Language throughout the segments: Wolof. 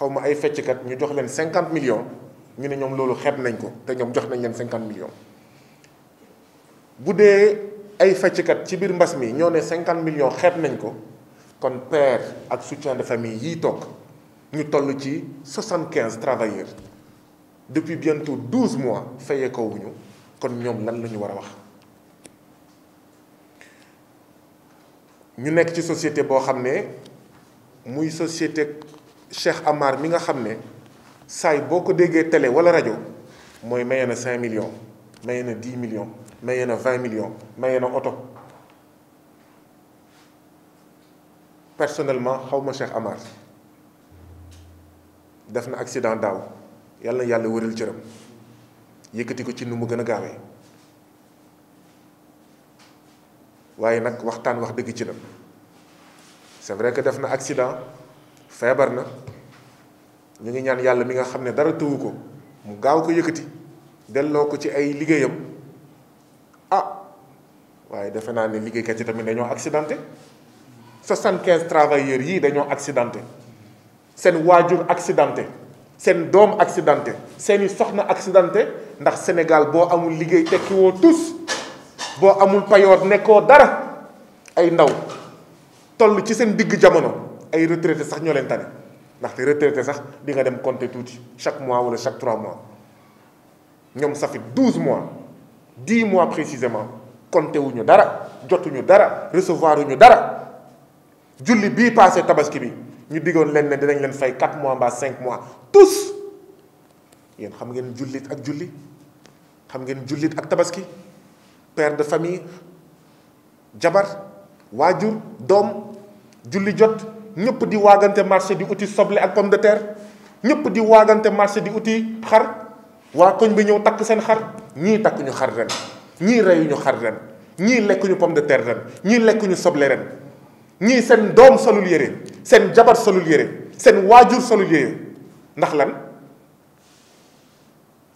xawma ay fecc kat ñu jox 50 millions ñu ne ñom lolu xeb nañ ko te ñom jox 50 millions budé ay fecc ci bir mbass mi 50 millions xeb nañ ko kon père ak soutien de famille yi tok ñu tollu ci 75 travailleurs depuis bientôt 12 mois fayé ko wuñu kon ñom lan lañu wara wax ñu nek ci société bo xamné muy société Cheikh Amar mi nga xam ne saay boo ko déggee télé wala radio mooy maye na cinq millions maye na dix millions maye na vingt millions maye na oto personnellement xaw ma Cheikh Amar def na accident daaw yàlla na yàlla wëral cëram yëkkati ko ci nu mu gën a gaawee waaye nag waxtaan wax dëgg ci la c'est vrai que def na accident feebar na ñu ngi ñaan yàlla mi nga xam ne dara tëwu ko mu gaaw ko yëkkati delloo ko ci ay liggéeyam ah waaye defe naa ne liggéeykat yi tamit dañoo accidenté soixante-quinze travailleurs yii dañoo accidenté seen waajur accidenté seen doom accidenté seeni soxna accidenté ndax Sénégal boo amul liggéey tekki woo boo amul payoor nekkoo dara ay ndaw toll ci seen diggu jamono ay retraité sax ñoo leen tane ndaxte retraité sax di nga dem compter tuuti chaque mois wala chaque trois mois ñoom ça fait douze mois dix mois précisément compter wuñu dara jotuñu dara recevoir wuñu dara julli bii passé tabaski bi ñu diggoon leen ne dinañ leen fay quatre mois mbaa cinq mois tous yéen xam ngeen jullit ak julli xam ngeen jullit ak tabaski père de famille jabar waajur doom julli jot ñëpp di waagante marché di uti soble ak pomme de terre ñëpp di waagante marché di uti xar waa koñ bi ñëw takk seen xar ñii takk ñu xar ren ñii reyuñu xar ren ñii lekkuñu pomme de terre ren ñii lekkuñu soble ren ñii seen doom solul yére seen jabar solul yére seen waajur solul yére ndax lan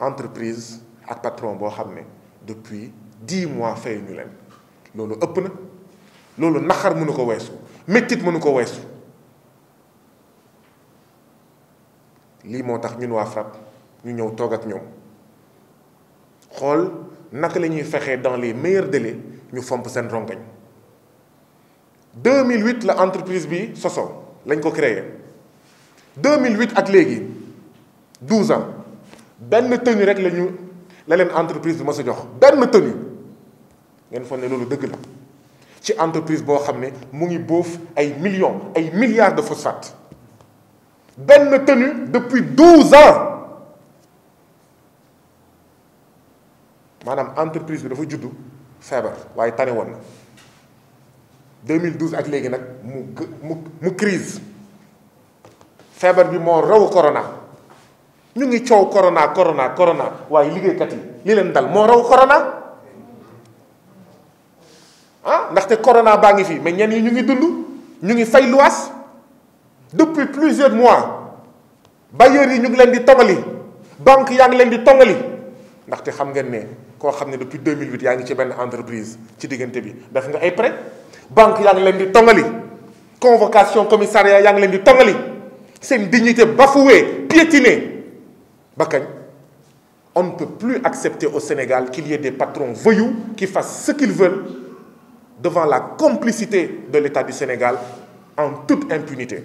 entreprise ak patron boo xam ne depuis dix mois fay ñu leen loolu ëpp na loolu naxar mënu ko weesu méttit mënu ko weesu li motax ñun wa FRAPP ñu ñew toog ak ñom xol nak lañuy fexé dans les meilleurs délais ñu fomp sen rongañ 2008 la entreprise bi soso lañ ko créé 2008 ak légui 12 ans ben tenue rek lañu la len entreprise bi ma jox ben tenue ngeen foog lolu loolu dëgg la ci entreprise bo xamné mu ngi bof ay millions ay milliards de phosphate benn tenue depuis 12 ans Madame entreprise bi dafa juddu feebar waye tane woon 2012 ak légui nak mu mu crise feebar bi mo raw corona ñu ngi coow corona corona corona waaye kat yi li leen dal mo raw corona ah ndaxte corona baangi fi mais ñen yi ñu ngi dund ñu ngi fay luwaas depuis plusieurs mois bailleurs yi ñu ngi leen di banque yaa ngi leen di tongali ndaxte xam ngeen depuis 2008 yaa ngi ci benn entreprise ci diggante bi def nga ay banque yaa ngi leen di tongali convocation commissariat yaa ngi leen di tongali une dignité bafouée piétinée on ne peut plus accepter au Sénégal qu'il y ait des patrons voyous qui fassent ce qu'ils veulent devant la complicité de l'État du Sénégal en toute impunité.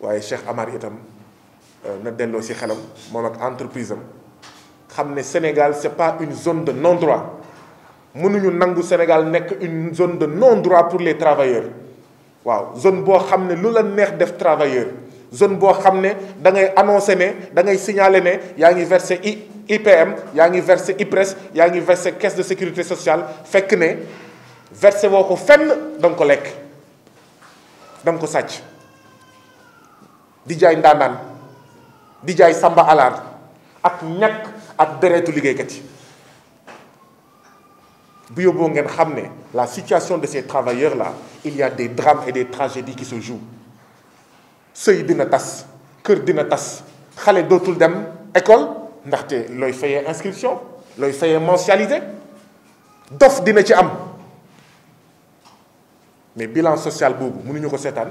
waaye Cheikh Amar itam euh, na delloo si xelam moom ak entreprise am xam ne Sénégal c'est pas une zone de non-droit mënuñu nangu Sénégal nekk une zone de non-droit pour les travailleurs waaw zone boo xam ne lu la neex def travailleur zone boo xam ne da ngay annoncé ne da ngay signalé ne yaa ngi versé I IPM yaa ngi versé IPRES yaa ngi versé caisse de sécurité sociale fekk ne versé woo ko fenn da nga ko lekk da nga ko sàcc. DJ Ndanan DJ samba Alard, ak ñak ak deretu vous bu la situation de ces travailleurs là il y a des drames et des tragédies qui se jouent sëy dina tas kër dina tas xalé dootul dem école ndaxte loy fayé inscription loy fayé mensualité dof dina ci am mais bilan social ne mënuñu ko sétane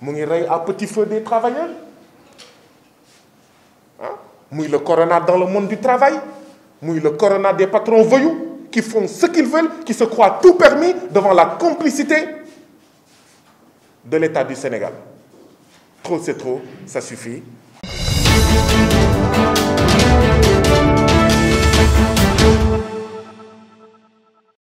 mu à petit feu des travailleurs Hein? le corona dans le monde du travail Mouille le corona des patrons voyous qui font ce qu'ils veulent qui se croient tout permis devant la complicité de l'État du Sénégal trop c'est trop ça suffit